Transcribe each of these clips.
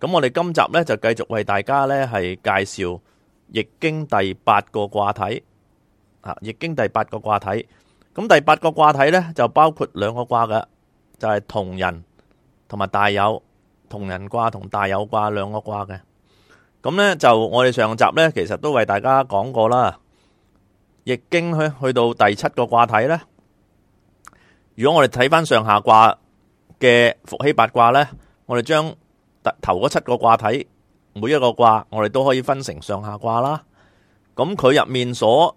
咁我哋今集咧就繼續為大家咧係介紹《易經》第八個卦體啊，《易經》第八個卦體。咁第八個卦體咧就包括兩個卦㗎，就係同人同埋大有，同人卦同大有卦兩個卦嘅。咁咧就我哋上集咧其實都為大家講過啦，《易經》去去到第七個卦體咧。如果我哋睇翻上下卦嘅伏羲八卦咧，我哋將。頭嗰七個卦體，每一個卦我哋都可以分成上下卦啦。咁佢入面所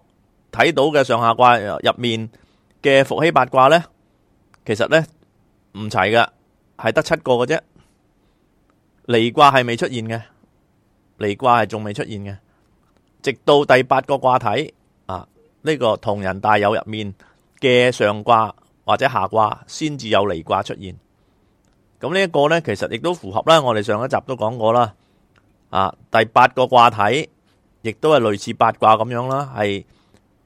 睇到嘅上下卦入面嘅伏羲八卦呢，其實呢唔齊嘅，係得七個嘅啫。離卦係未出現嘅，離卦係仲未出現嘅。直到第八個卦體啊，呢個同人大有入面嘅上卦或者下卦，先至有離卦出現。咁呢一個呢其實亦都符合啦。我哋上一集都講過啦，啊，第八個卦體，亦都係類似八卦咁樣啦，係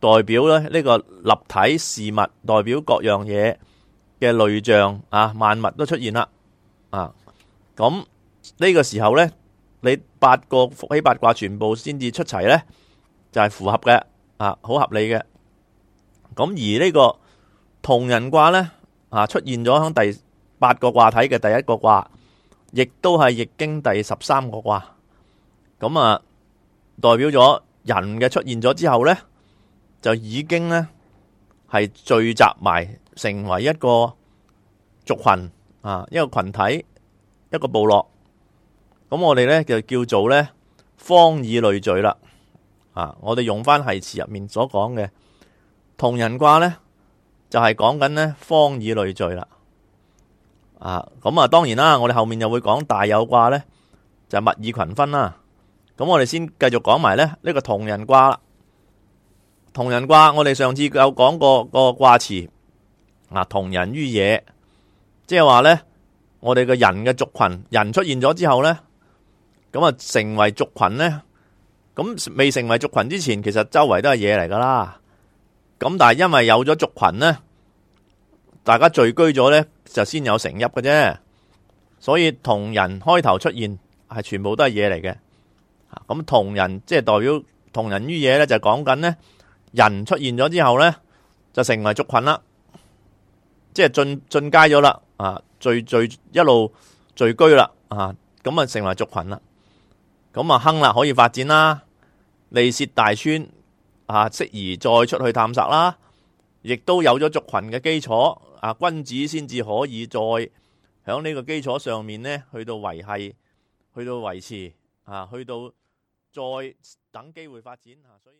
代表咧呢個立體事物，代表各樣嘢嘅類象啊，萬物都出現啦，啊，咁呢個時候呢，你八個伏羲八卦全部先至出齊呢，就係符合嘅，啊，好合理嘅。咁而呢個同人卦呢，啊，出現咗喺第八個卦體嘅第一個卦，亦都係易經第十三個卦。咁啊，代表咗人嘅出現咗之後呢，就已經呢，係聚集埋成為一個族群啊，一個群體，一個部落。咁我哋呢，就叫做呢「方以類聚」啦。啊，我哋用翻繫詞入面所講嘅同人卦呢，就係講緊呢「方以類聚」啦。啊，咁啊，當然啦，我哋後面又會講大有卦呢，就係、物以群分啦。咁我哋先繼續講埋呢呢、呢個同人卦啦。同人卦，我哋上次有講過、個卦詞啊，同人于野，即係話呢，我哋嘅人嘅族群，人出現咗之後呢，咁啊成為族群呢。咁未成為族群之前，其實周圍都係嘢嚟噶啦。咁但係因為有咗族群呢，大家聚居咗呢，就先有成邑嘅啫，所以同人開頭出現，係全部都係嘢嚟嘅。咁同人即係代表同人于嘢咧，就講緊呢，人出現咗之後呢，就成為族群啦，即係進進階咗啦。啊，聚聚一路聚居啦。啊，咁啊成為族群啦。咁啊，亨啦，可以發展啦，利涉大川啊，適宜再出去探索啦，亦都有咗族群嘅基礎。啊，君子先至可以再響呢個基礎上面咧，去到維繫，去到維持，啊，去到再等機會發展啊，所以。